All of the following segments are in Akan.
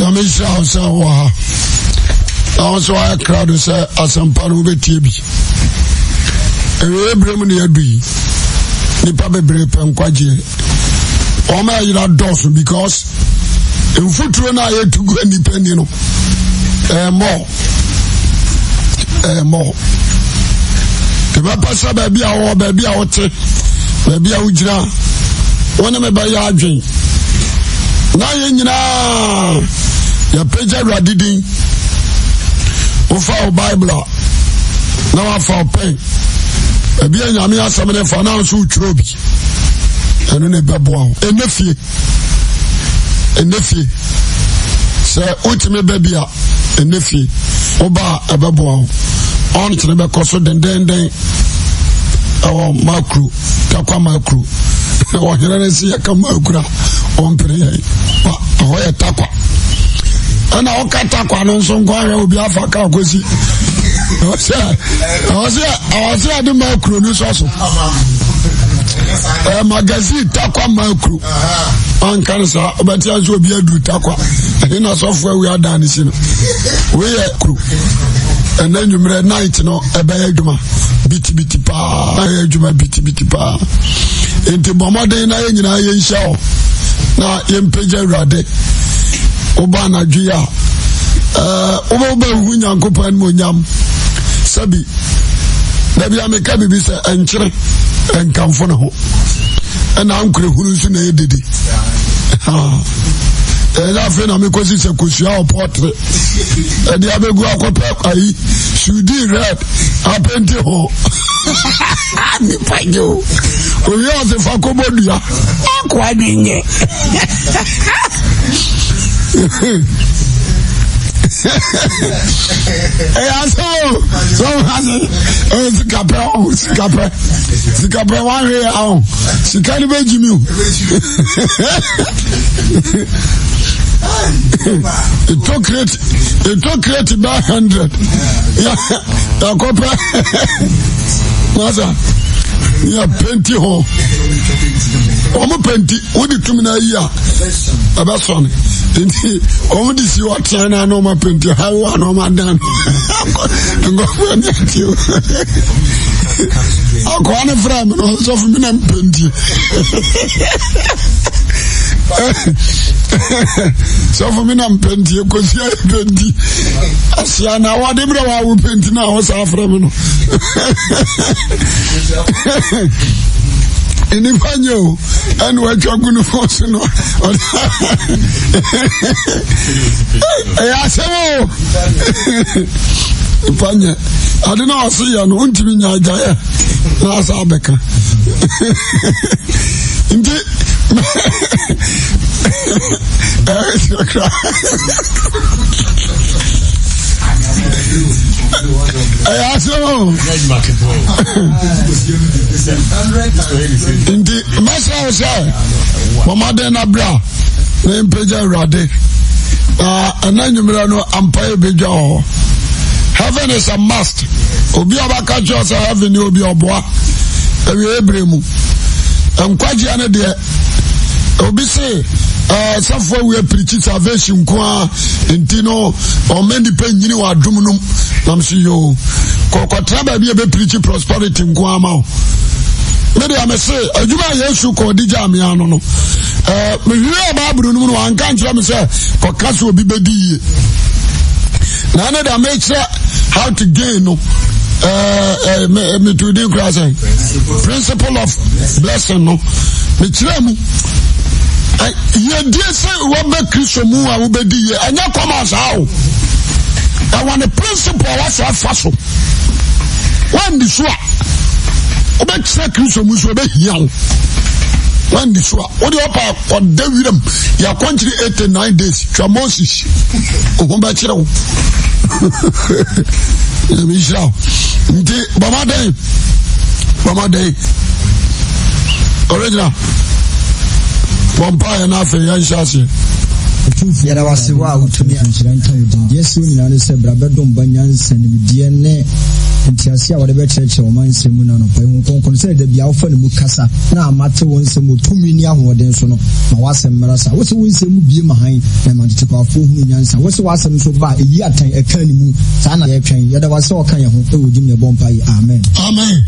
Jamishan an san waha. An san waha krad ou se asan paru vete bi. E we bremouni edwi. Ni pa be brepem kwa je. Ome a jilad dosu. Bikos. E wufu trona e to go en dipendi nou. E mo. E mo. Te ve pa sa bebi a ou. Bebi a ote. Bebi a ou jina. Ome me bayi adjen. Nan yen jina. Ya peje radidin, e e e ou fa ou bayb la, nan an fa ou pen, e biye nyan mi asan mene fana an sou choubi, enone bebo an. E nifye, e nifye, se outi me bebi ya, e nifye, ou ba, e bebo an. An tribe kosou den den den, e wong makrou, kakwa makrou. E wong jirane siye kan moukou la, wong preye, wong etakwa. ɛna ɔkata kwa no nso nkɔ ahwɛ obi afa ka akosi ɔsɛ ade makro no sɔ so ɛɛ magazine takwa makro anka no saa wobɛtea sɛ obi adu takwa ɛne na sɔfoɔ awie ada ne si no weyɛ kuro ɛna nnwumerɛ night no ɛbɛyɛ adwuma bitibiti paa ɛyɛ adwuma bitibiti paa enti bɔ mmɔden na yɛ nyinaa yɛnhyia hɔ na yɛmpagya awurade Oban aji eh, ya. E, oban oban yon yon koupan moun yam. Sebi, debi yon me kebi bise entre enkampon ho. En an kre koulou soun e didi. E la fe nan me kousi se kousi yon potre. E di yon me koupan kou ayi, shwidi red apente ho. Ha, mi payou. Ou yon se fankou moun di ya. Ou e kwa di nye. Ha, ha, ha. E asou Sik apè ou Sik apè Sik apè wang re a ou Sik apè di bejimi ou E tou kret E tou kret i ba hendret E akopè Nasa E apè ti ou E apè ti ou Ou mwen penty, ou di toun mwen a yi a? Aba son, ou di si wak chay nan ou mwen penty, a ou an ou mwen dan. Ngo penty ati ou. A kwa an e fray mwen ou, sou fwen mwen a mwen penty. Sou fwen mwen a mwen penty, ou kwa si a yi penty. A si a nan, a di mwen wak wou penty nan, ou sa fray mwen ou. Eni panye ou, eni wè chagouni fonsi nou. E yase mou! Panye, adi nou asiyan, unti mi nye ajaya. Nan asa abeka. Indi! E yase mou! Ayo aslo moun Mwen se yo se Mwen maden nabla Nen pejan rade Anan nye mera nou Ampaye pejan ho Heaven is a must Ou biyo baka chosa heaven Ou biyo bwa Ou biye ebre moun Ou bi se Safwa weye prichi sa vech yon kwa Inti nou Omen di pen jini wadou moun nou nam so yoo e kɔkɔtera baabi a bɛpirikyi prosperity nko ama wo mede a mese adwuma a yesu kɔɔde gya amea no no mewie a baaburo no mu no wanka nkyerɛ me sɛ kɔka sɛ obi bɛdi yie na ne da mekyerɛ how to gain no metudin koraa sɛ principle of blessing no mekyerɛ mu eh, yɛdie sɛ wɔbɛ kristo mu a wobɛdi yie ɛnyɛ kɔma saa o Ya wan de prinsip wak se a fasyon Wan di swa Obek se kri sou muswe be yal Wan di swa Odi wapa on de widem Ya kontri 89 des Tramonsi Okonbe chida wou Yemi isla Mti, bama de Bama de Orejna Wampa ena fe yansha se yɛda wase hɔ a wotumi anhyira nka wo din deɛ sɛ nyinaa ne sɛ bra bɛdom ba nyansa nimdeɛ ne ntiase a wɔde bɛkyerɛkyerɛ wɔma nsɛm mu no anɔpa ho nkɔnkɔn sɛ da bia wofa ne mu kasa na amate wɔ nsɛm wɔ tumi ne ahoɔden so no ma woasɛm mmara sa wo sɛ nsɛm mu bie ma han na ma ntetekwafoɔ hunu nyansa wo sɛ woasɛm nso ba ɛyi atan ɛka ne mu saa na yɛtwɛn yɛda wase ɔka yɛ ho ɛwɔ gyim ne amen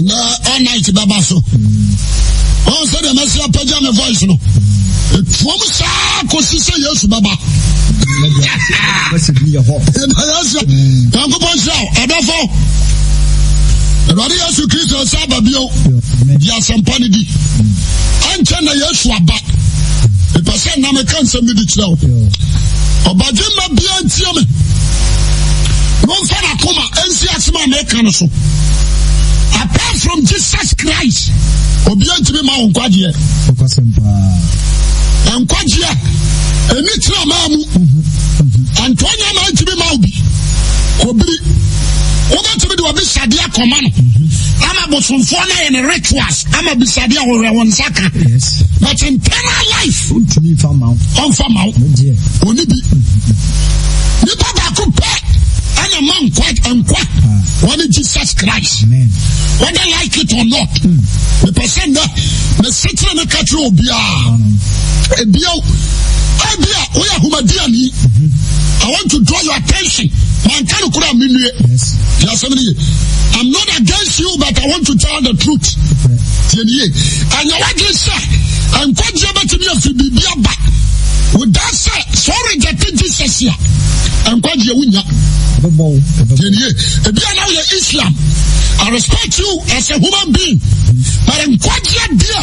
na all night bɛba so ɔn sɛ deɛ mɛsi apagya me voice no etuom saa kɔsi sɛ yesu bɛba nyankopɔn hyira ɛdɔfo awurade yesu kristo sɛ aba bio di asɛmpa no di ɛnkyɛ na yesu aba mepɛ sɛ nna meka nsɛm bi de kyerɛ wo ɔbadwemma bia ntie me na ɔmfa nakoma ɛnsi asɛm a meka no so apart from jesus christ obi antumi ma wo nkwagyeɛ nkwagyeɛ ɛni tena maa mu antoanya na antumi ma wo bi kɔbiri wobɛtumi de wɔbi sadeɛ akɔma no ama bosomfoɔ no yɛ ne rituals ama bisadeɛ a wɔwerɛ wɔ nsa ka but internal life ɔmfa ma wo ɔni bi nipa baako pɛ ɛna ma nkwa nkwa wane Jesus Christ wane like it or not me pesen de, me setre me katro biya e biya, e biya oya huma diya ni mm-hmm. I want to draw your attention manke nou kura minwe I'm not against you but I want to tell the truth diye niye anya wakil se an kwa diye bete niye fibi biya ba wada se, sorry de pi Jesus ya an kwa diye winya Ebya nou ye islam A respet you as a human being A renkwa dje dje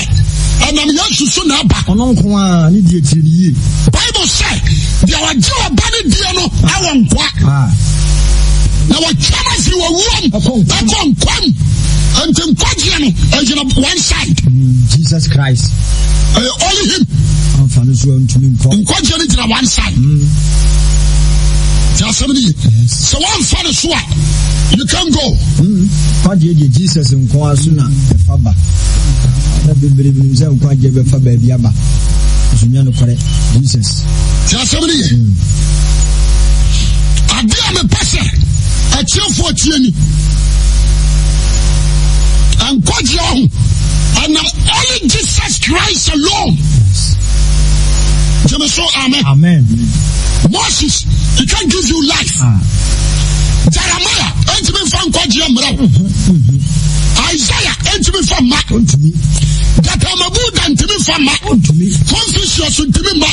A nanm yon susun ap Onan kon anidye dje dje Bible say Vya wajil wabani dje nou A wankwa Na wachama zi wawon A kon kon An te mkwa dje nou An jen ap wansay Jesus Christ An fany sou an toun mkwa Mkwa dje nou jen ap wansay Mkwa dje nou jen ap wansay ti asɛm ni ye sɛ wɔnfa ne so a you can go. kwadeɛ mm-hmm. deɛ jesus nko a so na ɛfa ba na bebree bi sɛ nkwadeɛ bɛfa baabi aba nsonya no kɔrɛ jesus. ti asɛm ni ye mm. ade a mepɛ sɛ akyerɛfoɔ tie ni nkwagyeɛ ɔho ɛnam only jesus christ alone. Jẹ́mi sọ amen. amen. Moses, he can't give you life. Ah. Jeremiah, enter me from mmerɛw. Isaiah, ɛntumi nfa mma. Buddha, da ntumi nfa mma. Confucius ntumi mma.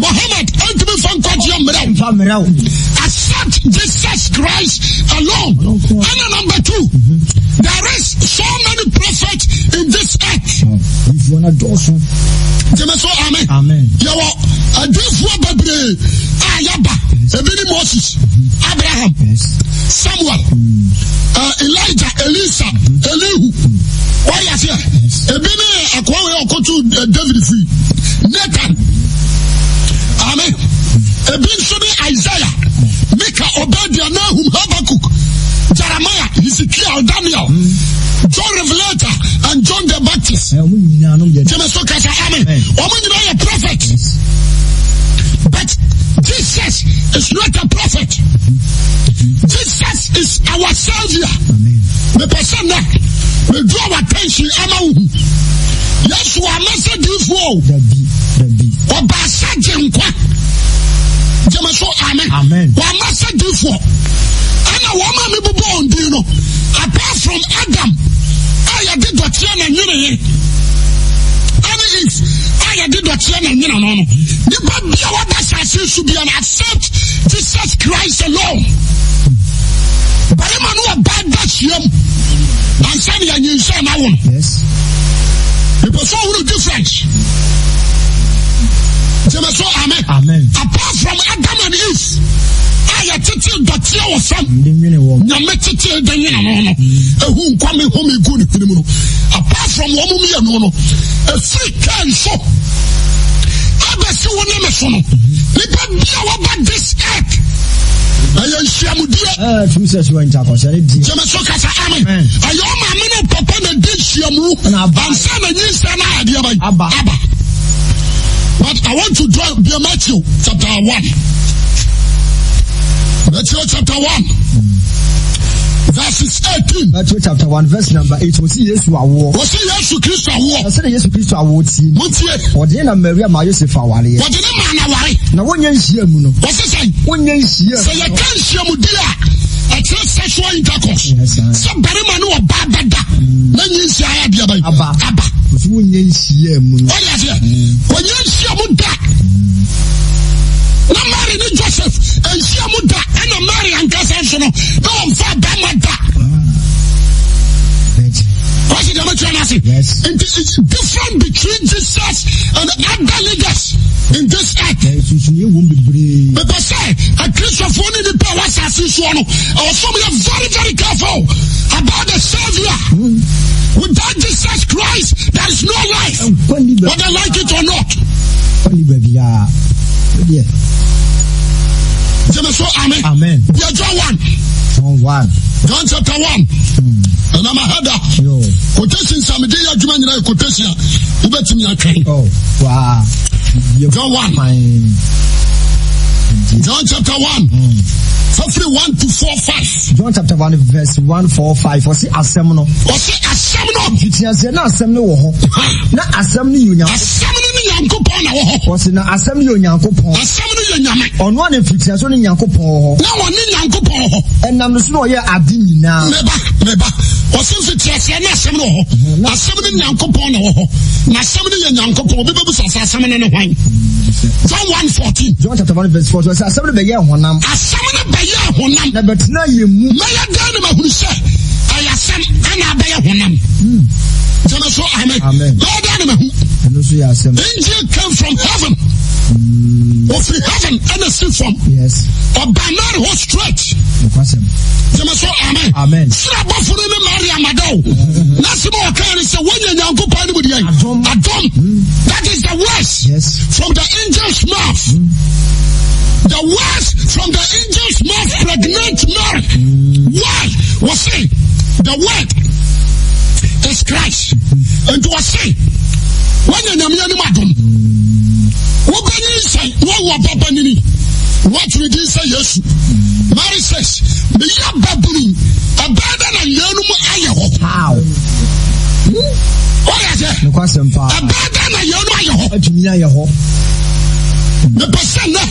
Muhammad, ɛntumi nfa from mmerɛw. Accept Jesus Christ alone. And number two, mhm. there is so many prophets in this earth. jẹmẹ sọ amen yẹwọ adiifoɔ bebree a yaba ebi moses mm-hmm. abraham samuel mm-hmm. uh, elijah elisa mm-hmm. elihu wɔyɛ aseɛ ebi ni akɔwe ɔkotu uh, david fi nathan amen ebi nso ni isaiah mika obadiah nahum habakuk. Jeremiah, Ezekiel, Daniel, John Revelator, and John the Baptist. James Sokasa, Amen. Woman, you are a prophet. But Jesus is not a prophet. Jesus is our Savior. Me person that will draw attention, Amen. Yes, we are message you for. Oba Sajin Kwa. jẹmẹ so amen wà á má sẹ di fọ ẹnna wọn máa mi bọbọ ọdún no apart from Adam a yà di dọ̀tíyà nà nyina yẹ ẹni it a yà di dọ̀tíyà nà nyina nọ no nípa bí a wà dá sàásì sùn bí a na accept Jesus Christ alone bàrẹ́mà ni wà bá dá sìyẹn mu ansa ni yà nyinsá náà wọ̀ no ìpèsè òwúrò difference jẹmẹ sọ amen apart from adam and eve a yẹ titi dọ̀tí ẹwọ fam nyame titi ẹdẹ nyina no no ehu nkwami homi gu ne no apart from wɔn mu mmienu no efiri kaa nso abɛsi wɔn ne mɛso no nipa bi a wɔba this earth ɛyɛ nhyiamudie. ɛɛ tumi sɛ suwa nta kɔsɛ ne di. jɛmɛ so kasa ami ɛyɛ ɔmaami ne papa na di nhyiamu ansa na nyinsɛn na adeɛ ba yi aba. But I want to draw bear Matthew chapter one. Matthew chapter one, Verses 18. Matthew chapter 1, verse number 8. Wọ́n sì Yéṣu àwọ̀. Wọ́n sì Yéṣu Kristo àwọ̀. Wọ́n sì ní Yéṣu Kristo àwọ̀ tí. Mo tiẹ̀. Ọ̀dẹ́ na Mẹ̀ríà máa Yósef àwárí yẹn. Ọ̀dẹ́ ni màá na wárí. Na wọ́n yẹ nhyia mu no. Wọ́n sì sẹ́yìn. Wọ́n yẹ nhyia mu. Sẹ̀yẹ̀ ká nhyia mu di a, ẹ̀kyẹ́ sexual intercourse. Sọ barima ni wọ́n bá bẹ́ da. Lẹ́yìn nhyia ayé adìyẹ báyìí. Aba. Aba. Wọ́n yẹ nhyia mu no. Wọ́n yẹ no na ɔmfa bɛma da wasi dɛm akyerɛ no ase it's different between jesus and other leaders in this earth mepɛ sɛ akristofoɔ ne nipa a wɔasase soɔ no ɛwɔ sɛ meyɛ very very careful about the saviour hmm. without jesus christ there is no life whether like it or not gyeme so ame deɛ john 1 john chapter 1 ɛnam ahada quotation sɛ mede yɛ adwuma nyina yɛ quotation a wobɛtumi atwɛn john 1 John chapter 1. Fafiri one to four five. John chapter one, verse one four five. Wɔsi asɛm no. Wɔsi asɛm no. Ntutunyɛsɛ na asɛm no wɔ hɔ. Na asɛm no yɛ onyankopɔn. Asɛm no ne nyankopɔn na wɔ hɔ. Wɔsi na asɛm no yɛ onyankopɔn. Asɛm no yɛ nyame. Ɔno a ne ntutunyɛsɛ ne nyankopɔn wɔ hɔ. Na wɔne nyankopɔn wɔ hɔ. Ɛnam no so na ɔyɛ ade nyinaa. Meba meba ɔsɛ nso te aseɛ ne asɛm no wɔ hɔ mhm. asɛm no nyankopɔn na wɔ hɔ na asɛm no yɛ nyankopɔn obi bɛbu sasa asɛm no ne hwan john one fourteen. john chapter one verse fourteen asɛm no bɛyɛ honam. asɛm no bɛyɛ honam. na bɛtena yɛ mu. mɛyɛ dan ne ma sɛ ɛyɛ asɛm ɛna abɛyɛ honam. jẹmẹsọ hmm. amen. amen. lọ́ọ́ dan ne ma nso yɛ asɛm. angel came from heaven. ofiri mm. heaven ɛna si fam. yes. ɔbɛnari hɔ straight. ɔkwasɛm. jɛmɛ sɔ amen. amen. sirabɔforo ni mari amadaw. nasima ɔkan ni sɛ wɔnyɛ nyanko pa ni mu di yɛn. adum. adum. Mm. that is the worst. yes. from the angel's mouth. Mm. the worst from the angel's mouth pregnant Mary. Mm. why? wɔ se the word is Christ. Mm-hmm. and wɔ we se. wanya nyame anim adom wobɛnyin sɛ wɔwɔ baba nini wɔtwere din sɛ yesu mary says meyɛ babuni ɛbɛɛ da na yɛanom ayɛ hɔ wɔyɛ sɛ ɛbɛɛ da na yɛanom ayɛ hɔ mepɛ sɛ nɛ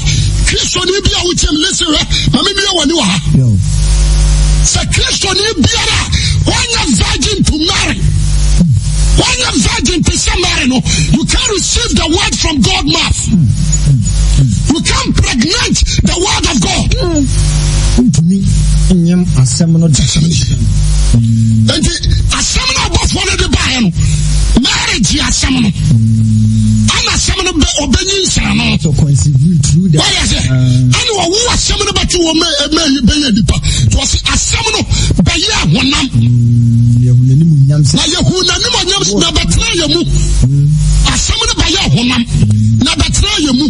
kristoni bi a wotiam lese hɛ ma memia w'ani wɔ ha sɛ kristoni biara a wɔnyɛ virgin to marry. When you're virgin to somebody, no, you can't receive the word from God mouth. You can't pregnant the word of God. Nti asɛm no ɔbɔfoɔ marriage asɛm no asɛm no bɛ ɔbɛnyi nsan no wɔyɛ sɛ ɛne ɔwo asɛm no bɛte wɔ bɛyɛ nipa nti ɔse asɛm no bɛyɛ ahonam um, na yɛhu nanim ɔnyam na bɛtena yɛ mu um, asɛm no bɛyɛ ahonam na bɛtena yɛ mu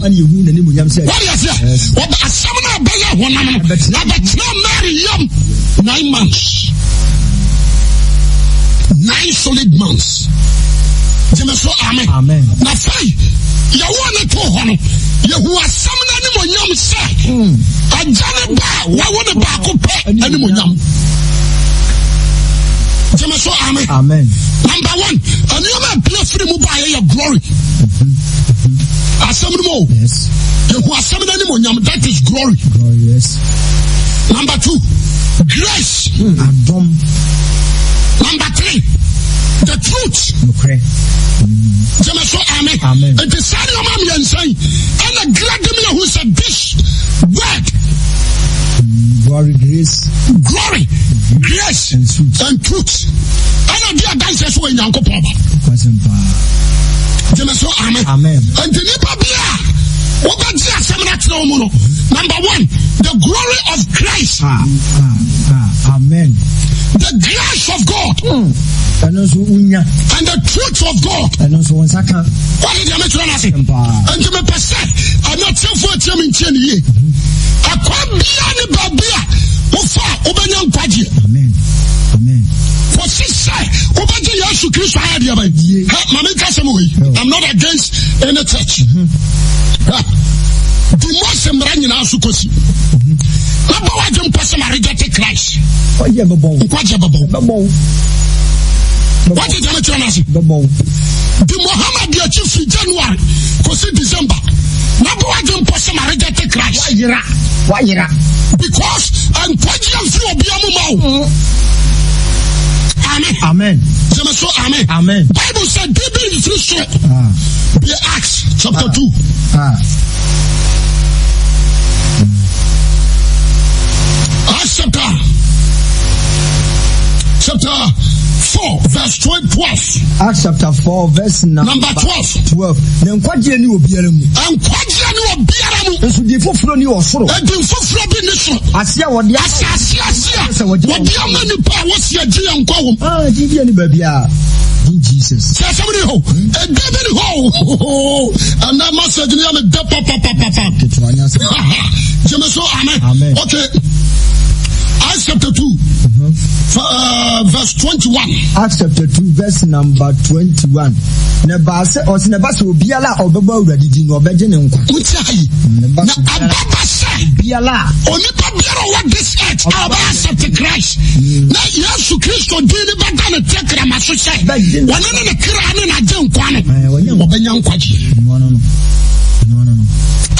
wɔyɛ sɛ asɛm no bɛyɛ ahonam no na bɛtena mary yam nine months nine solid months gyeme so ame na fai yɛwo ne too hɔ no yɛhu asɛm no animonyam sɛ hmm. agya ne ba a wawo ne baako pɛ animonyam gyeme so ame number one nneɛma apia firi mu baayɛ yɛ glory asɛm no mu o yɛhu asɛm no animonyam that is glory, number two grace hmm. number three The truth. Mokre. Jeme so ame. Amen. En te san yonman mi yon say. En de gladi mi yon who se bish. Vag. Glory, grace. Glory, grace. En truth. En truth. Ano di a daise sou enyanko paba. Kwa sen pa. Jeme so ame. Amen. En te nipa biya. Oga di a semenak se omono. Number one. The glory of Christ. Ah, ah, ah. Amen. the grace of God hmm. and the truth of God kwa li diya me chunan ase an di me pasek an yo ten fwe ten min ten ye mm-hmm. akwa bia ni babia ou fa, oube nyan kwa diye kwa si say oube diye asu kriswa a diya bay mami kase mwi I'm not against any church mm-hmm. di mwa semranyi nan asu kosi mm-hmm. Nabo waj yon posy mary de te krej? Waj ye mabou? Waj ye mabou? Mabou? Waj ye janet janazi? Mabou? Di Mohamed be a chif li janwari, kosi dizemba. Nabo waj yon posy mary de te krej? Waj ira? Waj ira? Bikwos an kwaj yon zi wabiyan mou mou? Mm-hmm. Amen. Amen. Zeme sou amen. Amen. Bible se bibi ife syo. Ha. Be a aks, chopto 2. Ha. Acts ah, chapter chapter four verse twelve twelve. Acts chapter four verse number, number twelve. twelve. Na nkwagye ni obiara mu. Nkwagye ni obiara mu. Nso di foforo ni ɔsoro. Edi foforo bi ni soro. Ase a wɔde ase ase ase a wɔde ama nipa a wɔsi agye yɛn nkwa wɔm. Aa jijie ni baabi a. Jesus. Sɛ sɛm ni hɔ, ɛdɛ bi ni hɔ, ɛnna ma sɛ gyina yɛ mi dɛ papapapapa. Jɛmɛ so amen. Amen. Okay. Acts chapter 2, mm-hmm. uh, verse 21. Acts chapter 2, verse number 21. Neba se, os neba se obiala obeba uradi di no obeje ne nko. Uti ayi. Na ababa se. Obiala. Onipa biara wa this earth, aba accept Christ. Mm. Na Yesu Kristo di ni bata ne te kra maso se. Wane ne ne kra ne na je nko eh, ane. Obenye nkwaji. No, No, no, no.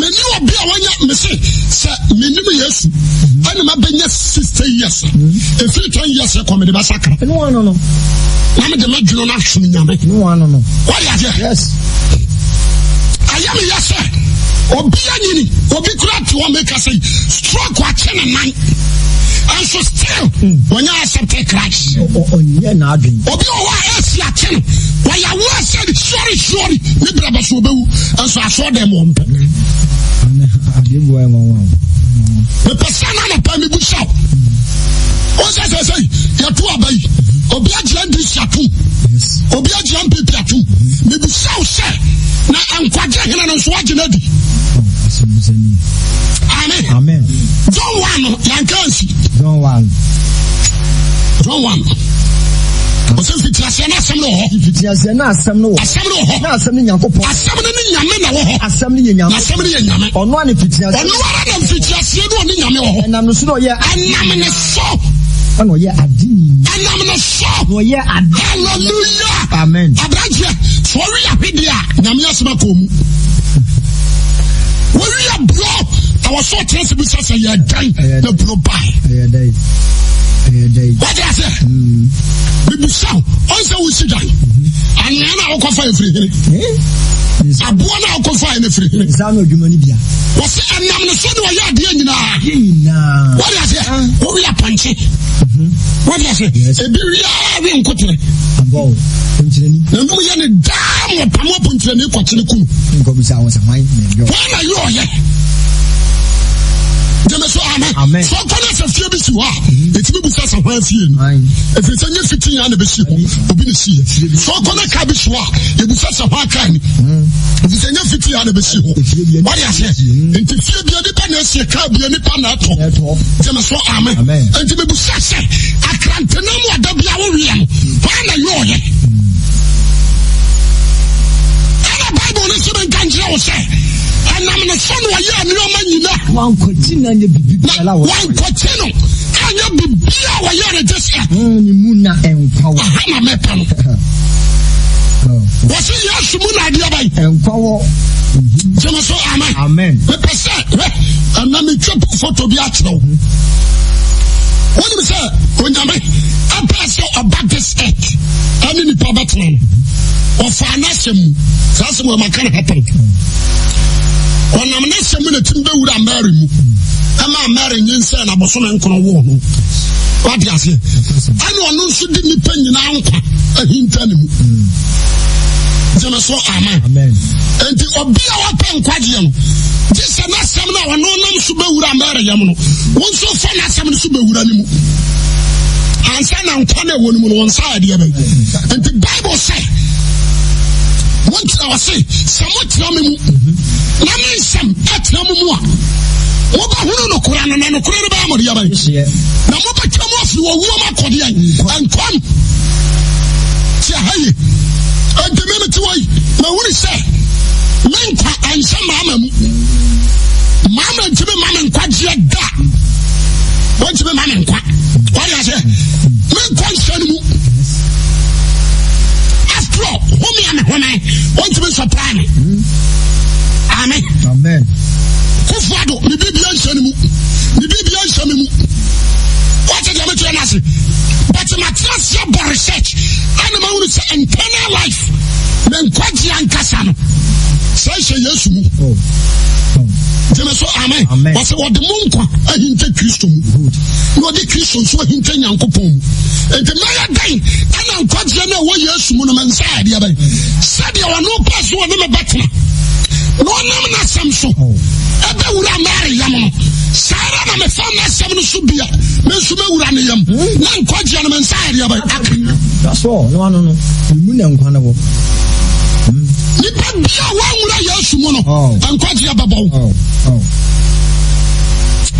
Meni obya wanyan, mese, se, meni mi yesi, anima bè nye siste yese, e fil twen yese kwa meni basakran. E nou anonon. Nanme di meni jilon aksu mi nyame. E nou anonon. Wari aje. Yes. Aya mi yese, eh. obya nye ni, obi kura ti wame ka se, strok wache nan mani. Anso stil, wanyan ansepte krej. O, o, o, nye nagin. O, bi owa el si atil, wanyan wansen, shori, shori. Ni brebe soube ou, anso asode moun. A, ne, a, di woye woun woun. Mwen pesen ane pè, mwen bwishal. wọn sẹ sẹ sẹ yàtú àbá yìí obi agyina ndc ato obi agyina npp ato mibisa ọsẹ na nkwagye hena no nso agyina di amen john one no yanka john one john one ọsẹ fitiaseɛ n'asɛm no wɔ hɔ. fitiaseɛ n'asɛm no wɔ hɔ. asɛm no wɔ hɔ. n'asɛm no nyankopɔ. asɛm no ne nyame na wɔ hɔ. asɛm no yɛ nyame. n'asɛm no yɛ nyame. ɔno ara ne fitiaseɛ. ɔno ara ne fitiaseɛ no ɔne nyame wɔ hɔ. ɛnam ne so na ɔyɛ. ɛnam so ɛna ɔyɛ adi. ɛnam ne sɔ. na ɔyɛ adi. hallelujah. amen. abiranteɛ sɔ wi ahwedi a nyame asoma kɔn mu wɔwi aburɔ na wɔsɔ ɔtɛn si bi sɛ sɛ yɛ dan na buro baa. ɛyɛ dan ɛyɛ dan. wɔdi ase. bibusaw mm. ɔnsɛ wusi dan mm-hmm. anwea na awokɔ fa efiri hene eh? aboa na awokɔ fa yɛ efiri hene. saa na odwuma ni bia. wɔsi ɛnam ne sɔ ni wɔyɛ adeɛ nyinaa. wɔdi ase ah. wɔwi apɔnkye. Mwen plase, e bi riyan wè yon kote An gwa wè, pwente lè ni? E nou yon e dam wè, pwa mwen pwente lè ni Kwa tine kou Mwen komisa wè sa mwen, mwen yon Mwen mwen yon, yes jẹmẹ sọ amẹ fọkọ náà sọ fie bi si hɔ a etimi busa sɛ hɔn fie no efi sɛ nye fiti yan na bɛ si hɔ obi na si yɛ fɔkɔ náà ka bi si hɔ a ebusa sɛ hɔn aka ni efi sɛ nye fiti yan na bɛ si hɔ wari ase nti fie bia nipa na esi kaa bia nipa na ɛtɔ jẹmẹ sọ amẹ nti bɛ busa sɛ akrantenamu adabea wo wia no wɔn na yɛ ɔyɛ ɛna baibu ni sɛ bɛ nkankyerɛ ɛnam ne sɛ na ɔyɛ nneɛma nyina wankɔkyi na nyɛ biribibiara wɔ no anyɛ biribiara wɔyɛ ne gye sɛ ne mu na ɛnkwa wɔ aha na mɛpɛ no wɔse yesu mu na adeɛ ɛnkwa wɔ mhm. gyeme so amen mepɛ sɛ ɛna metwa foto bi akyerɛ wo mhm. wonim sɛ onyame apɛ sɛ ɔba this earth ɛne nipa bɛtena no mhm. ɔfa anasɛm saa sɛ mɔmakane hapen ɔnam ne sɛm na tim bɛwura mary mu ɛma mary nye nsɛn na bɔsɔmɛ nkɔnɔ wɔ no wate aseɛ ɛna ɔno nso de nipa nyinaa nkwa ahinta ne mu gyeme so amen enti obi a wapɛ nkwagyeɛ no gye sɛ n'asɛm no a ɔno nam so bɛwura mary no wɔn nso fa n'asɛm no so bɛwura ne mu ansa na nkwa no ɛwɔ ne mu no wɔn nsa adeɛ bɛyi enti bible sɛ Wan ti wase, sa mwen ti yon mi mou. Nan ni yon se mwen ti yon mou mou. Mwen pa houni nukura nan nan nukura niba yon mou diya bay. Nan mwen pa ti yon mou fiyo, wou mou akodi yon. An kon. Ti ya haye. An di meni ti woy. Men wou li se. Men kwa an se mwen mou. Mwen ti be manen kwa diye da. Mwen ti be manen kwa. Wane yase. Men kwa yon se mou mou. trɔ homi a me home wɔntumi nsɔpaa me amen kofoa do ne bibia nhyɛ ne mu ne bibia nhyɛ me mu wɔte deɛ meteɛ no ase but matena seɛ bɔ research ana mahunu sɛ internal life menkwagye ankasa no sɛ hyɛ yesu mu oh. why wɔsɛ wɔde mo nkwa ahinta kristo mu na wɔde kristo nso ahinta nyankopɔn mu nti mɛyɛ dɛn ɛna nkwagyeɛ no a ɛwɔ yesu mu no mɛnsa adeɛ bɛn sɛdeɛ wɔno paa so wɔne me bɛtena na ɔnam n'asɛm so oh. ɛbɛwura amaareyam no saa ara na mefa no so bia me nso mɛwura ne yam hmm. na nkwagyeɛ no mɛnsa adeɛ bɛn aka sɛ ɔno ano no mu na nkwa no wɔ hmm. nipa bia a wɔanwura yesu mu no ɛnkwagyeɛ oh. bɛbɔ wo oh.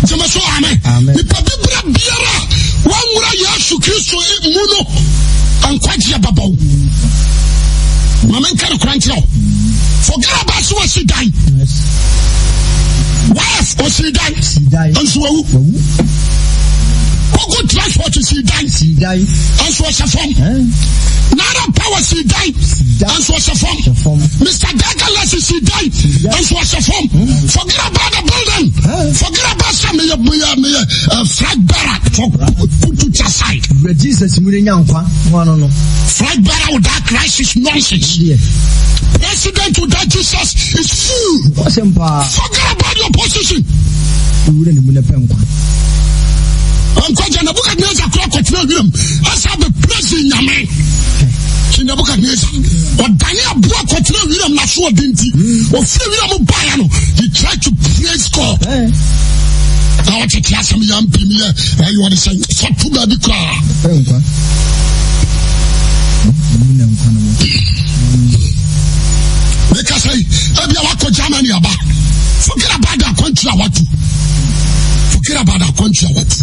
Se mwen so amen Ni pa bi bra biyara Wan mwen a yasou ki sou e mouno An kwa di ya babou Mwen men kare kwen ti nou Fogye raba sou asiday Waf asiday Asiday Asiday Pouk ou trais wote si di? Si di. An sou se fom? He? Nan an power si di? Si di. An sou se fom? Se fom. Mr. Deca lesi si di? Si di. An sou se fom? He? Fogir abou de bouden? He? Fogir abou sa miye, miye, miye, Fragbera, fok, putout ya side. Ve di se si mounen nyan wak? Mwa nan nan. Fragbera ou da krisis mounsik. Ye. President ou da Jesus is fou. Fogir abou yo posisi. Mounen mounen pen wak? Ankwa jan nebuka gneza kwa kwa tine widem, asab e plezi in yaman. Si nebuka gneza, wadani ya bwa kwa tine widem la sou adinti. Wafi widem ou bayan ou, ji chay to prez ko. Nan wache tla sa mi anpi mi e, e yo wade say, so tuga di kwa. We ka say, ebi ya wakwa jaman ya ba. Fokin abadi akwen tila wakwa. care about our country a wɔte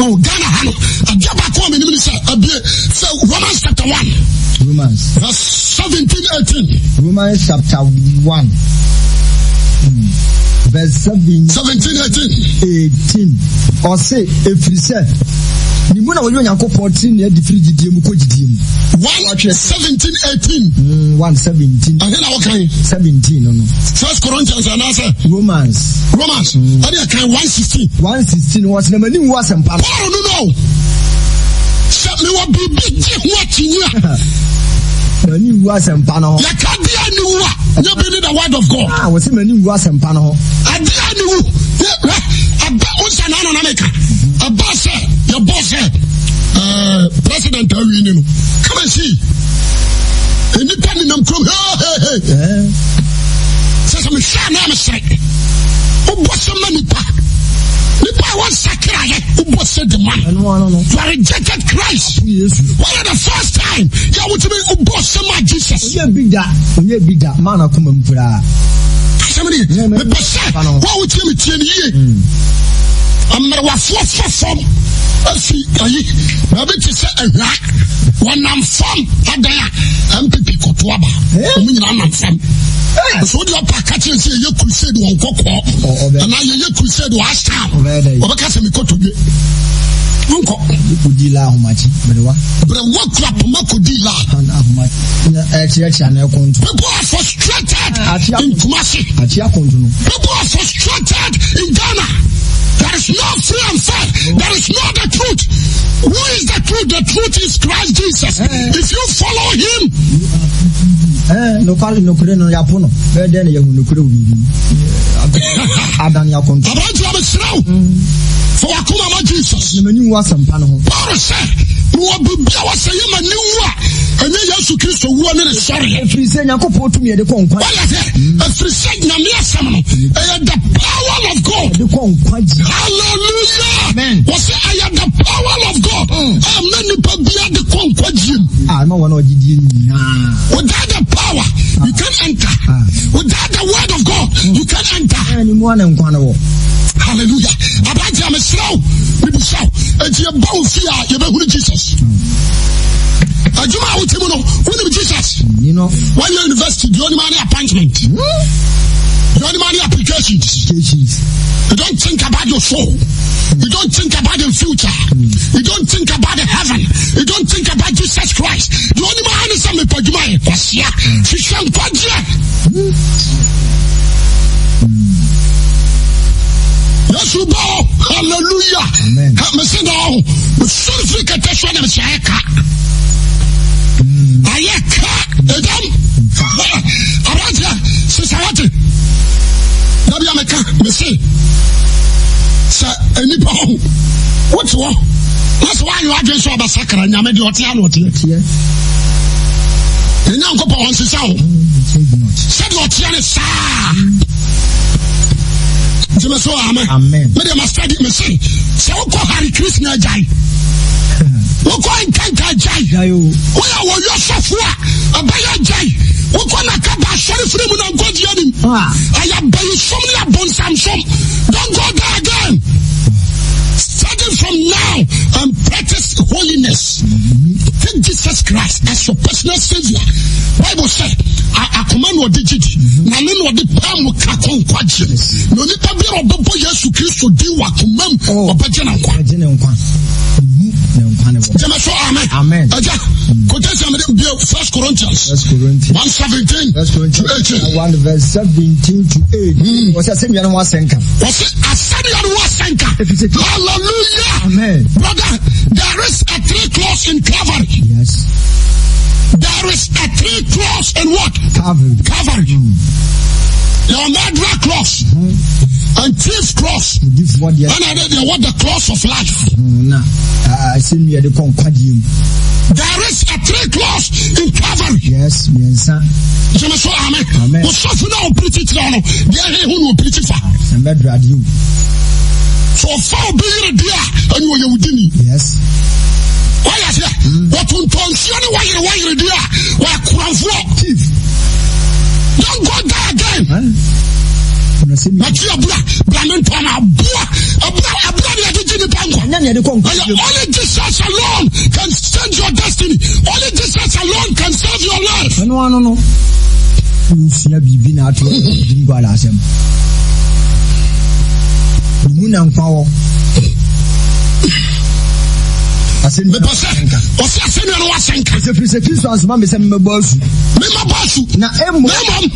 oh ghana ha no adeɛ baako a menim ne sɛ abie romans chapter 1 romans verse 17 18 romans chapter 1 mm. verse 17 18 18 ɔse ɛfiri sɛ ne mu na wɔyɛ onyankopɔn tiri ne adi firi gyidie mu kɔ gyidie mu. one seventeen eighteen. Mm, one seventeen. ɛhɛn na wɔka yi. seventeen no no. first corinthians anaasɛ. romans. romans. ɛdi mm. ɛka one sixteen. one sixteen wɔ sinamani mu wɔ asɛmpa. paul nunu sɛ mewɔ biribi gye ho akyinyia mani wu asɛmpa no ho yɛka dea ne wu a nyɛ bi ne the word of god a ah, wɔsɛ mani wu asɛmpa no ho adea ne wu Eh, wonsa eh? na ano na meka ɛba sɛ yɛbɔ sɛ president awi ni no kama si nnipa nenam kurom hehehe sɛ sɛ mehwɛ a na mesere wobɔ sɛ ma nipa People are what sakra Who was the man? You are rejected Christ. What are the first time? You are to be who was the Jesus? Yeah, be that. Yeah, be that. Man, come and put Somebody, the person, what would you tell me? Hmm. I'm not a four, four, four. asi ayi baabi ti sɛ ɛhwɛ wɔnam fam adan a npp kɔto aba wɔn nyinaa nam fam nso ɔpa kakyɛ sɛ yɛyɛ crusade wɔn kɔkɔɔ anaa yɛyɛ crusade wɔn asham wɔbɛka sɛ mi kɔtɔ dwe nkɔ. kodi la ahomakye berewa. berewa kura poma kodi la. ahomakye na ɛkyerɛkyerɛ eh, ana ɛkonto. people are frustrated in kumasi. people are frustrated in ghana. There is no free and fair. There is no the truth. Who is the truth? The truth is Christ Jesus. Eh. If you follow him. nokwari eh, nokwari no yɛ no bɛɛ dɛ na yɛhu nokwari obibi adane akonto aberante a mesrɛ wo fa wakoma ma jesus na m'ani wu asɛmpa no ho paul sɛ mewɔ biribia wɔ sɛ yɛ m'ani wu a wuo ne ne sɔre. efiri sɛ nyankopɔn tumi yɛ de kɔ nkwa. wọ́n yà sẹ́ efiri sẹ́ nyàmé ẹ̀sẹ̀m no ẹ̀yẹ the power of God. yẹ de kɔ nkwa jì. hallelujah. amen. wọ́n sẹ́ ẹ̀yẹ the power of God. ẹ̀ mẹ́ nípa bíyà de kɔ nkwa jì. a ma wọn náà jíjí yẹn nyinaa. without the power ah. you can enter. Ah. without the word of God mm. you can enter. ẹ̀ ah, ni mu wọn na nkwa ni wọ. hallelujah. abajan mi siraw mi bi siraw eti ẹ bá òfin a yẹ bẹ huru Jesus. Mm adwuma a wote mu no wonim jesus wayɛ university deɛ ɔnima ne appointment deɛ ɔnima ne applications you don't think about your soul you don't think about the future hmm. you don't think about the heaven you don't think about jesus christ deɛ ɔnima ne sɛ mepɛ adwuma yɛ kwasea hwehwɛ nkwagyeɛ yesu bɔ hallelujah mesɛ na ɔ mesɔre firi kɛtɛ so na mehyɛ ka. Aye, ka, edan, abranche, se sa wate, dabi ame ka, me se, se eni pa ou, ou tso, pas wane wajen so a basakran, nye ame di oti an oti eti ye. nyankopɔn wɔnsesa wo sɛdeɛ ɔteɛ ne saa nti me so amen medeɛ mastadi me se sɛ wokɔ hare krist na agyae wokɔ nkanka agyae woyɛ wɔyɔ sɔfo a ɛbɛyɛ agyae wokɔ nakaba asɔre firi mu na nkɔgye anim ɛyɛ bayisom ne abonsamsom don't go there again starting from now and practice holiness mm -hmm. accept Jesus Christ as your personal savior. Bible say, I, I command what did it. Nane mm-hmm. no de pam kakon kwaje. Mm-hmm. No nipa bi obo yesu Kristo di wa kumam obo jena kwa amen. First Corinthians. First Corinthians. One Eighteen. One verse seventeen to eight. Wọ́sẹ̀ asẹ́mi yanu wa sẹ́nka. Wọ́sẹ̀ asẹ́mi yanu Hallelujah. Amen. Brother, there is a three clause in Calvary. Yes. There is a three clause in what? Calvary. Calvary. Mm. your murderer cross and thief cross and I did they the cross of life mm, there is a three cross in Calvary yes yes sir jẹ́mi sọ amẹ́ kò sọ́fún náà ò pírítì tirẹ̀ ọ̀nà díẹ̀ hẹ́ ìhun ò pírítì fa. ẹ̀mẹ́dùn adé o. fọ̀fọ̀ òbí yìí di a ẹni òye òdi ni. yes wáyà fẹ́ wọ́n tuntun sí ọ ni wáyà wáyà di a wọ́n kúrọ̀ fún ọ. Don't go there again. Nàti abúlá bùrọ̀mí ntọ́nà abúlá abúlá abúlá ni ẹ̀dí jíni pẹ́ńkọ. Ẹ̀yẹ́ ni Only Jesus alone can change your destiny. Only Jesus alone can save your life. No, no, no, Ẹnu wa nínú. Nsia bìbí náà tó ẹ̀dí gbọ́ àlàsẹ́mu. Nìmú nà nkwa wọ. mepɛ sɛ ɔse asɛnnua no woasɛnka sɛ kristo asoma me sɛ memɛbɔ asu memɛbɔ asu na mmom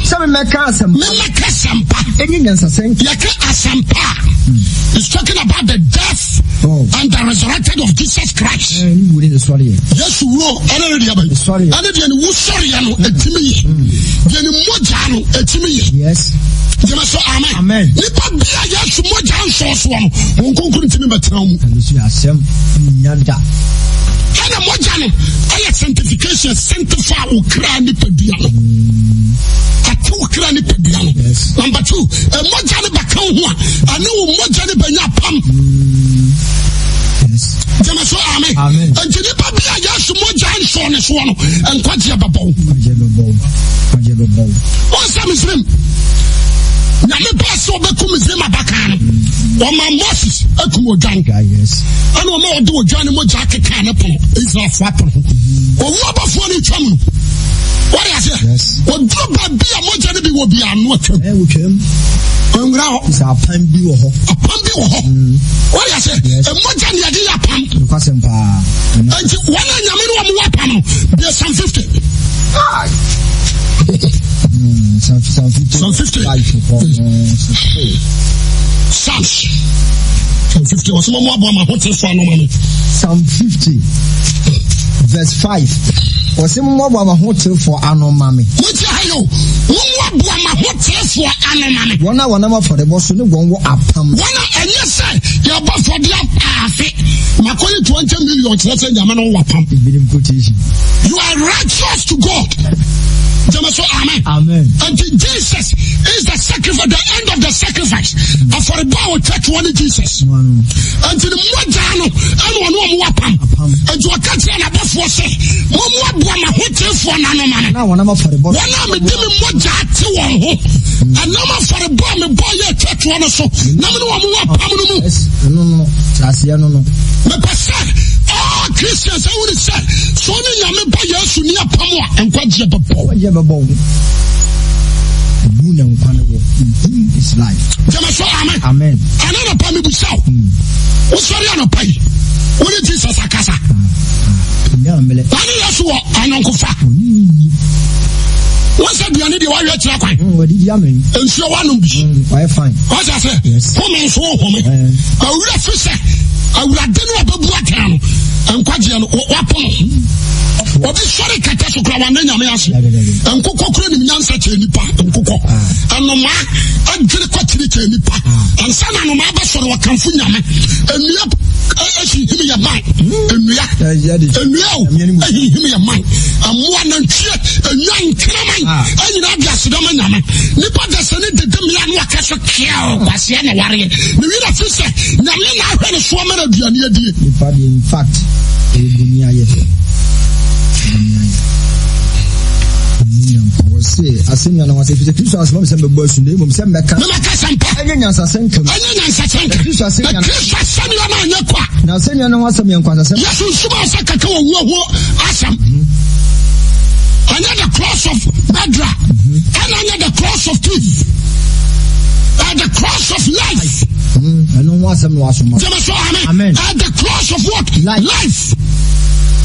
sɛ memɛka asɛmpa memɛka asɛmpa ɛnyɛ nyansasɛnka yɛka asɛmpa a hmm. is talking about the death oh. and the resurrection of Jesus Christ eh, yesu wuro ɛne ne deɛ bai ɛne deɛ ne wosɔreɛ no atimi yɛ hmm. deɛ ne mmogyaa no atimi yɛ Dye mwen so amè. Amen. Li pa bi a yas mwajan so swan. Mwen kon kon ti mi mwen tra mwen. A nè mwajan nou. A lè sentifikasyon sentifa ukran ni pedi anou. A tou ukran ni pedi anou. Number two. Mwajan nou bakan mwen. A nou mwajan nou benyapam. Dye mwen so amè. Amen. Anche li pa bi a yas mwajan so nè swan. An kwa diye babou. An kwa diye babou. An kwa diye babou. Mwen sa mizrim. nyame bɛɛ sɛ ɔbɛkum misraim abakan no ɔma moses akum odwan ɛne ɔma ɔde odwan no mogya kekaa ne pono israelfoɔ apono ɔwu abɔfoɔ no twam no wọ́n yà sẹ́ ọdúró bàbí àmọ́jà níbi wò bí àánú ọ̀tún. ẹ wò twẹ́m. kọ̀ǹgùrà họ. sọ apam bi wọ họ. apam bi wọ họ. Mm. wọ́n yà sẹ́ ẹ̀mọ́jà ni yàgé yà pam. nípa sẹ́n paa. ẹnjẹ wọn náà nyàmú ni wọn wá pam no bíi san fifty. Mm, san fifty. san fifty. sars. san fifty mm. ọ̀sán mọ́ mọ́ abọ́ àmọ́ àhóntì fún anọ́mọ́ mi. san fifty verse five. wɔsi mmɔbɔ amahotefoɔ ano ma mo ti ha yi o wɔn wɔbɔ amahotefoɔ ano ma wɔn a wɔn nam so ne wɔn wɔ apam. wɔn a ɛnyɛ sɛ yɛbɔ fɔdeɛ paafe makɔyi twenty million kyerɛ sɛ nyame no wɔ apam. ebinom ko ti yi. you are righteous to God. Jamaso, amen. Amen. And Jesus is the sacrifice, the end of the sacrifice. Mm. And for the power church, one Jesus. Mm. And to the Mojano, and one who am And to a country and foɔ sɛ mɔmu aboa ma ho tie foɔ n'anoma no wɔn a mede me mmɔgya ate wɔn ho ɛnam afɔrebɔ a mebɔ yɛ atwatoɔ no so na mene wɔ mo wɔ apam no mu mepɛ sɛ all christians ɛwo ne sɛ sɛ ɔne nyame ba yesu ne apam a nkwagyeɛ bɛbɔ bu na nkwa no wɔ bu is life. amen. amen. ananapa mi busaw. Mm. wosɔre anapa yi wone jesus akasa wane yɛ so wɔ anyɔnko fa wọ́sẹ̀ duane de wáyé ẹ̀kyẹ́ kwan. ọ̀dí di amẹ́. nsuo wa nù bi. ọ̀yẹ́ fain. ọ̀sẹ̀ sẹ́ home nso home. awura fi sẹ́ awurade ni ọbẹ̀ bu atẹ́yà no nkwagyeɛ no wa pono. obi sɔre kɛtɛ so kura wa ne nyame ase. nkokɔ kura nim nyansa kyɛ nipa nkokɔ. anoma adwiri kɔ tiri kyɛ nipa. ansa na anoma abɛsɔre wɔ kanfu nyame. enua ɛhihim yɛ man nnua nnua o ɛhihim yɛ man amoa nantwie enua nkraman ɛnyina ah. adi asedɔm anyame nipa dɛsɛ ne dede mmea no aka so kea o kwaseɛ na wareɛ ne wira fi sɛ nyame na ahwɛ ne soɔ mɛra aduane adie nipa deɛ in fact ɛyɛ e boni ayɛ se asɛm yɛ anawasɛ ɛfisɛ kristo asɛm mi sɛ mɛbɔ asu na mmom sɛ mɛka mɛka sɛmpa ɛnyɛ nyansasɛ nkam ɛnyɛ nyansasɛ nkam kristo asɛm yɛ kristo asɛm yɛ ma nyɛ kwa na asɛm yɛ anaw asɛm yɛ nkwansasɛm yɛsu nsuma asɛ kaka wɔ wuo ho asɛm ɛnyɛ the cross of bedra ɛna mhm. ɛnyɛ the cross of teeth at the cross of life. ɛnu wọn asɛm ni wàásù mọ. jẹmẹsọ amen at the cross of what life.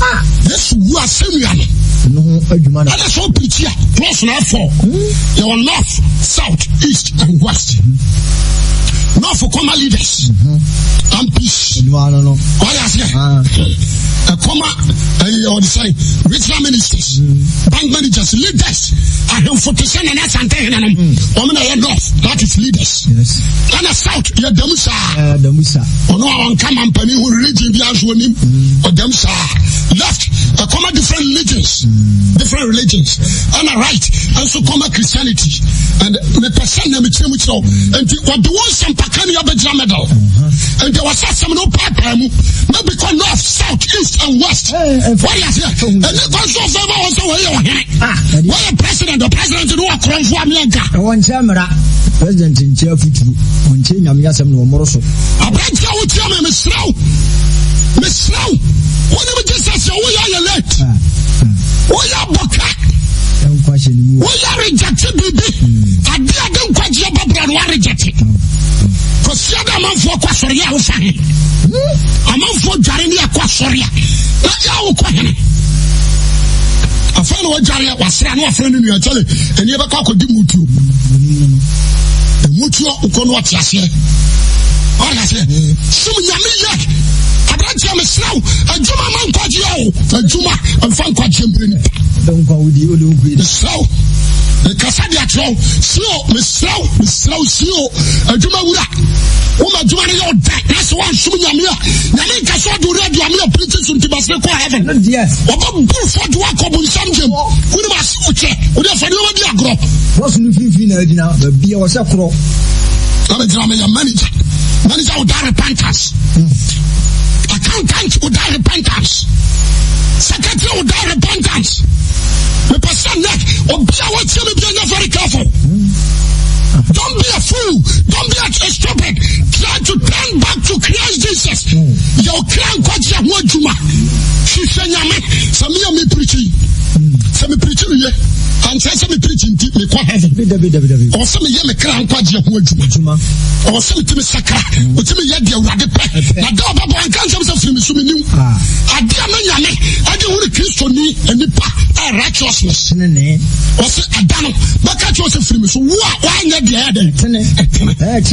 Ah. yesu wu asɛm yanu no ho adwuma na. ɛna sɛ ɔpirikyi a north na afɔ north south east and west. Hmm? not for common leaders and peace wọ́n yà common, ẹ̀kọ́mà ẹ̀yẹ say, regional ministers bank managers leaders for ahemfo te sẹ́ nana asante hinna nom ọmọ náà yẹ north that is leaders ẹna south yẹ dẹmu saa ọ̀nà àwọn kama mpanin hu religion as one. onim ọ̀dẹmu saa left common different religions different religions ẹna right also common christianity and person mẹpẹsẹ́ nà mi kyerẹ́ mu kyerẹ́ ọ nti want some aka ne yɛbɛgyina medal nti wɔsɛ asɛm no wopaapaa mu na bikɔ north south east and west wɔreaseɛ ɛne kɔ so sɛ ma wɔ sɛ wɔyɛ ɔhene wɔyɛ president president no wɔkorɔmfoɔ ameɛnka wɔnkyɛ mmara president nkyɛ afutuo ɔnkyɛ nyame asɛm na ɔmmoro so aberante a wotia me mesrɛ wo mesrɛ wo wonem jesus woyɛ ayɛ late woyɛ ah, abɔka ah. woyɛ rejecte biribi hmm. ade ade nkwagyeɛ bɛbrɛ no warejecte hmm. kɔsia dɛ amanfoɔ kɔ asɔre a wofa he hmm. amanfoɔ dware ne yɛkɔ asɔre a na yɛ wokɔ hene afei na wɔdware wasrɛ a na wafrɛ no nuakyɛle ɛneɛ bɛkɔ akɔdi mutuo ɛmutuo wokɔ no wɔte aseɛ ɔyɛseɛ som nyame yɛ aberanteɛ mesrɛ wo adwuma ma nkwagyeɛ o adwuma ɛmfa nkwagyeɛ mmerɛ Mwen kwa ou di ou li ou gwe. Mwen slaw. Mwen kwa sa di a traw. Slaw. Mwen slaw. Mwen slaw slaw. E jume ou da. Oman jume ane yo dek. Nase wan jume nyamia. Nyamin kwa sa do re di ame yo. Piti soum ti basme kwa heaven. Non di ya. Wakon kou fwa di wakop ou nisam jem. Oman si ou che. Oman di a grok. Wos nou fin fin a dina. Bi a wase a trok. Ame dina men yo meni ja. Meni ja ou da repantas. Mwen. Hmm. accountant without repentance secretary without repentance mepɛ sɛ nnɛ obi a you. me bia nyɛ very careful don't be a fool don't be a, stupid try to turn back to Christ Jesus yɛ okra nkɔgye ho adwuma hwehwɛ nyame sɛ meyɛ mepirikyi sɛ mepirikyi no yɛ ankyɛ me preaching. mi kɔ heaven ɔwɔ sɛ mi yɛ mi kra nkɔ agye ho adwuma ɔwɔ sɛ mi ti mi sakra o ti mi yɛ deɛ awurade pɛ na da anka nsɛm sɛ firi mi so mi nim ade a agye wuri kristo ni nipa a righteousness ɔsɛ ada no bɛka kyerɛ sɛ firi mi so wo a woanyɛ deɛ ɛyɛ dɛn ɛtene ɛyɛ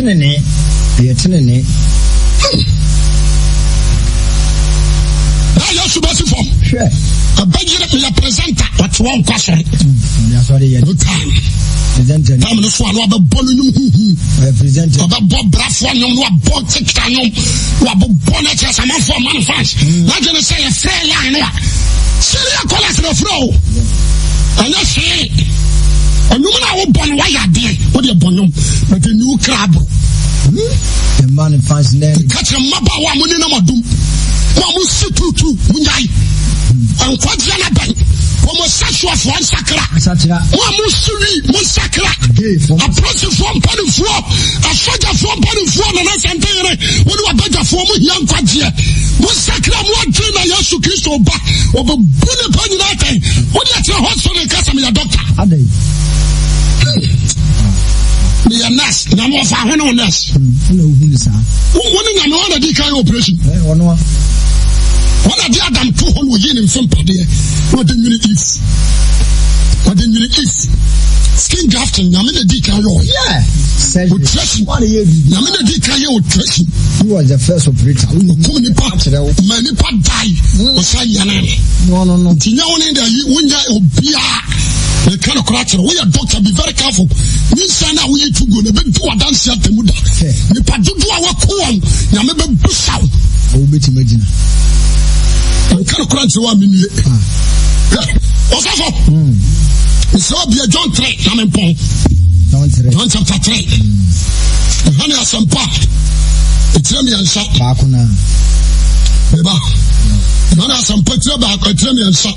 tene ne na yɛ subasi fam A bejirip mi le prezentat A t'wan kwa sorit Bwit tan Tam niswa lo a be bonu yon A be bon brafwan yon Lo a bon tiktan yon Lo a bon e chesa man fwa manifans Nan jene seye frey la yon Sire ya kwa les no frou An yo seye An yon mwen a ou bon waya de O de bon yon Mwen te nou krab Mwen te nou krab nkwagyeɛ no bɛn homosexualfoɔ nsakra mo a mosiri mo nsakra apolisifoɔ mpanifoɔ asogyafoɔ mpanifoɔ nanasɛnteyere wo ne wabagyafoɔ mo hia nkwagyeɛ mo nsakra mo adwene na yesu kristo ba wɔbɛbu nipa nyinaa atɛn wode akyerɛ hɔ so ne ka sɛ meyɛ dɔkta hmm. meyɛ nurse nyame wɔfa ho ne wo nurse hmm. wohu ne nyame wa na di ka yɛ operation wọn adi adam tó hɔ wòye ne nfɛn padeɛ wọn de nwini if wọn de nwini if skin grafting nyame na di kan yɛ ɔyɛ otirasi nyame na di kan yɛ otirasi. who was the first operator. okum nipa ma nipa die ɔsan yanni. nti nyɛ wɔn ni de ayi wɔn nyɛ obiara. meka no kora kyerɛ woyɛ doctor be very careful nsa no a woyɛ tugo na bɛdi wadanse atamu da nipa dodoɔ a wɔko wɔn nyame bɛbusa wo meka no kora nkyerɛ wo a menie ɔsafo mesɛ obia john 3 na mempɔn john chapter 3 ɛha ne asɛmpa ɛtirɛ miɛnsa beba ɛha ne asɛmpa tirɛ baako ɛtirɛ miɛnsa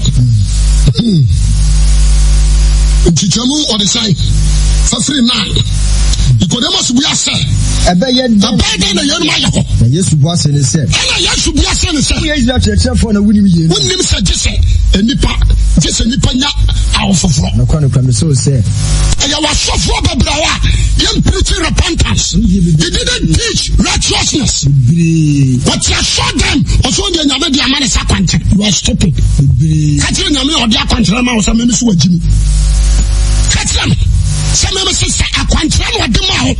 nkyikyɛmu ɔde sae fafiri 9 nikodemos bu ase. ɛbɛyɛ dɛ ɛbɛyɛ dɛ na yɛn mu ayɛ na yesu bu ase ne sɛ. ɛna yesu bu ase ne sɛ. wúyɛ israel kyerɛkyerɛfoɔ na wúni mu yie. wúni mu sɛ jisɛ nipa jisɛ nipa nya awo foforɔ. nukura nukura mi sɛw sɛ. ɛyɛ wa sɔfoɔ bɛbɛrɛ wa yɛn piriti repentance. you didn't teach righteousness. wɔti asɔ dɛm ɔsɔ de nyame di ama ne sa kwankyɛn. you stupid. kakyere nyame ɔdi akwankyerɛ ma ɔsɛ mɛmi so wa jimi. kakyere mi sɛ mɛmɛ sɛ sɛ akwankyerɛ na ɔde ma ho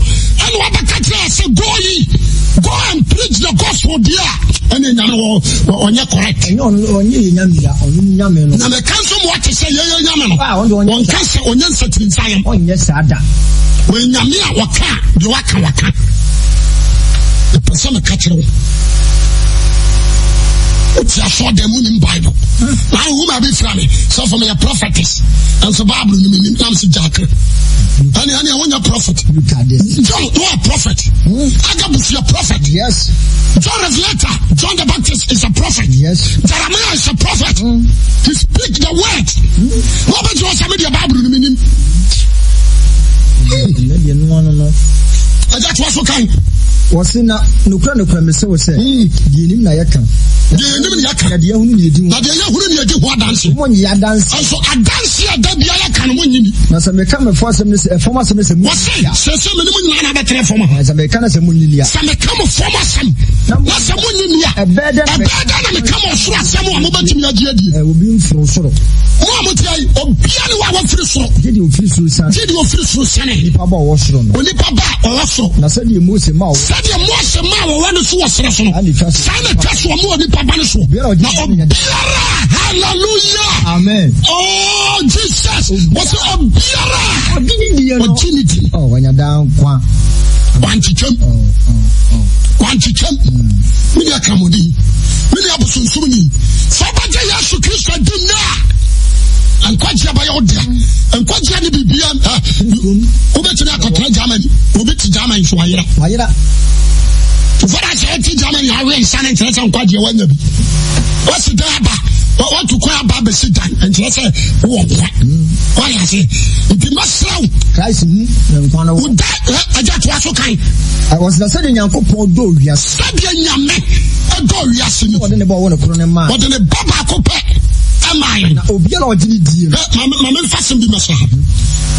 ɛna wabɛka kyerɛ sɛ go yi go and preach the gospel deɛ a ɛna nyame wɔ ɔnyɛ correct. ɛnyɛ ɔnyɛ yɛ nyame ya ɔnyɛ nyame no. na mɛ kan so mu ɔte sɛ yɛyɛ nyame no wɔn kan sɛ ɔnyɛ nsɛtirinsa yɛ. ɔnyɛ saa da. wɔn nyame a wɔka deɛ waka waka ɛpɛ sɛ mɛka kyerɛ wo. o ti aso ɔdan mu ni bible. na nhoma bi fira mi sọfọ mi yẹ prophetess nso baabu ni mi nam si jaake ẹni ẹni ẹwọn yẹ prophet john no a prophet agabus hmm? yẹ prophet yes. john revelator john the baptist is a prophet yes. jeremiah is a prophet mm. he speak the word wọ́n bẹ jẹ́ ọ̀sán mi di ẹ̀ ni mi nim. ɛgya toa so kan wɔse na nokora nokora me sɛ wo sɛ deɛ nim na yɛka deɛ hunu ne yɛdi ho adanse monyɛ adanse ɛnso adanse a da bia yɛka no monyi bi na sɛ meka mɛfo asɛm no sɛ ɛfam asɛm no sɛ wɔse sɛ sɛ mene mu nyinaa na bɛtrɛ fam a sɛ meka no sɛ monyi ni a sɛ meka mo fam asɛm na sɛ monyi ni a ɛbɛɛ dɛ na meka mo ɔsoro asɛm a mo a motia yi obia ne wo a wɔmfiri soro gye deɛ ɔfiri soro sane gye deɛ ɔfiri soro sane onipa ba a ɔwɔ soro no onipa so sɛdeɛ mose ma wɔwɔ no so wɔ serɛ so no saa na twa so mu onipa ba no so na ɔbiara Hallelujah. amen oh jesus wɔsɛ ɔbiara ɔgye ne die no ɔgye ne die ɔnyɛ daa nkwa wankyekyɛm wankyekyɛm mm. mene akramɔden mene abosonsomni sɛ wobɛgye yesu kristo adim no nkwagyeɛ bɛyɛ wo dea nkwagyeɛ ne biribia wobɛtumi akɔtena germany obi te germany so wayera fada sɛ ɛte germany awe nsa ne nkyerɛ sɛ nkwagyeɛ woanya bi wasi dan aba watu kwan aba abɛsi dan nkyerɛ sɛ wowɔ kwa wayɛ ase nti mɛsrɛ wo christ mu mhm, nkwa no agya toa so kan wɔsrɛ sɛdeɛ nyankopɔn dɔ owiase sɛdeɛ nyame ɛdɔ owiase no wɔde ne ba baako pɛ airline. obi ala ọjì ni die. Eh, maame maame nfa sin bi ma sọ ha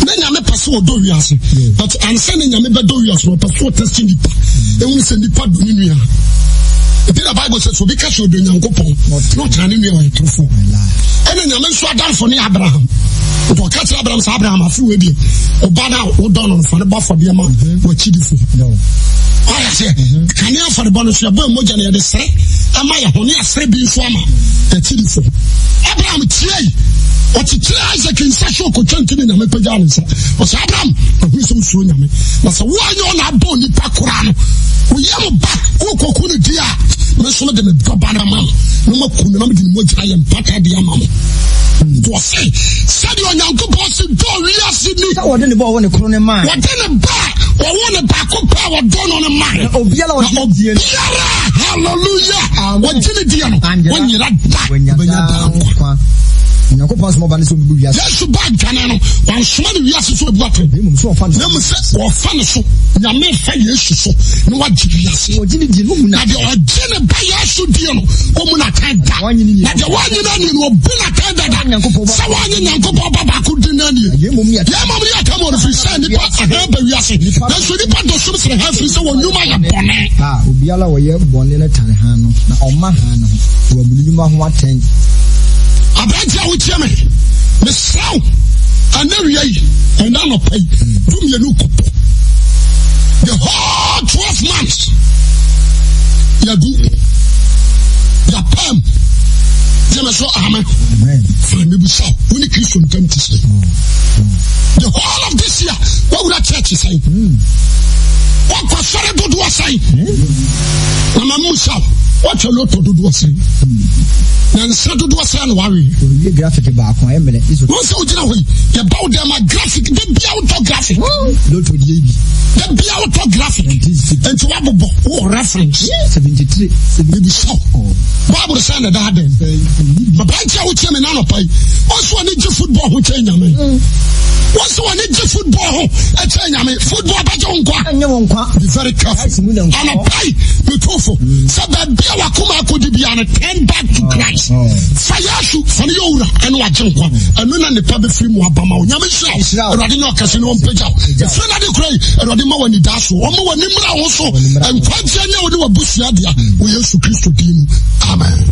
ne nyame pɛ sɛ ɔdɔ wiase but ansa ne nyame bɛdɔ wiase ɔpɛ sɛ ɔtɛsi nipa ɛhu sɛ nipa do ne nua nti na bible sɛ sɛ obi ka sɛ ɔdɔ nyankopɔn na ɔtena ne nua ɔyɛ torofo ɛne nyame nso adamfo ne abraham nti ɔka kyerɛ abraham sɛ abraham afe wei deɛ ɔba no a wodɔ no mfa ne bɔ afɔdeɛ ma mhm. wakyidifo ɔyɛ sɛ mhm. kane afɔrebɔ no so yɛbɔ mmogya no yɛde serɛ ama yɛhone asrɛ bi nso ama akyidifo abraham tiei ɔkyekyere isaac nsa hwɛ ɔkɔtwa nyame pagya ne nsa ɔsɛ abraham ɔhunu sɛ wosuro nyame na sɛ woanyɛ ɔna abɔ nipa koraa no woyɛ mo ba wokɔko no di a mɛso no de me dɔba no ama mo na maku no na mede ne moagyina yɛ mpata de ama mo nti ɔse sɛdeɛ onyankopɔn se dɔ wiase ni wɔde ne ba ɔwɔ ne koro ne maa wɔde ne ba ɔwɔ ne baako pɛ wɔdɔ no ne maa obiara wɔde biara hallelujah wɔgye ne deɛ no wɔnyera da nyankopɔn asoma ba ne sɛ ɔmɛbɛ wiase yesu ba adwane no wansoma ne wiase so abu ato na mu sɛ wɔfa ne so nyame fa yesu so na wagye wiase na deɛ ɔgye ne ba yesu die no ɔmu natan da na deɛ wanyena nie no ɔbu natan dada sɛ wanye nyankopɔn ba baako di no anie yɛmam ne yɛtam ɔno firi sɛ nnipa aha ba wiase nanso nnipa dɔ som sene ha firi sɛ wɔnwuma yɛ bɔne obiara wɔyɛ bɔne no tane ha no na ɔma ha no ho abirante a wotia mi mesaw anawia yi ɛna anɔpa yi dumienu kopɔ the whole twelve months yadu yapam jẹmẹ sọ amẹ fẹmi busa o ni kiri sọn tẹm ti sẹ the whole of this year wawura church sẹ mm. wakɔ sɔre dodoɔ mm. sɛ mama musa wɔtwɛ lɔtɔ dodoɔ sɛ mm na nsa dodoɔ sɛ na wawe yɛ graphic baako a ɛmmerɛ wɔn sɛ wogyina hɔ yi yɛba wo dɛ ma graphic da bia wotɔ graphic loto deɛ bi da bia wotɔ graphic nti wabobɔ wowɔ reference yɛbisɛ bible sɛ ne daa dɛn mabrante a wotie me na anɔpa yi ɔso ɔne gye football ho kyɛ nyame wɔsɛ wɔne gye football ho ɛkyɛ nyame football bɛgye wo nkwa be very careful anɔpa yi metofo sɛ baabia wakoma akɔdi bia no turn back to ah. christ Mm. fa yɛ asu fa ne yɛ owura ɛne wagye nkwa ɛno mm. na nipa bɛfiri mu aba ma wo nyame hyira awurade ne ɔkɛse ne ɔmpagya ɛfiri no ade kora yi awurade ma w'ani daa so ɔma w'ani mmra wo so ɛnkwagyeɛ nyɛ wo ne wabusua dea wo yesu kristo din mu amen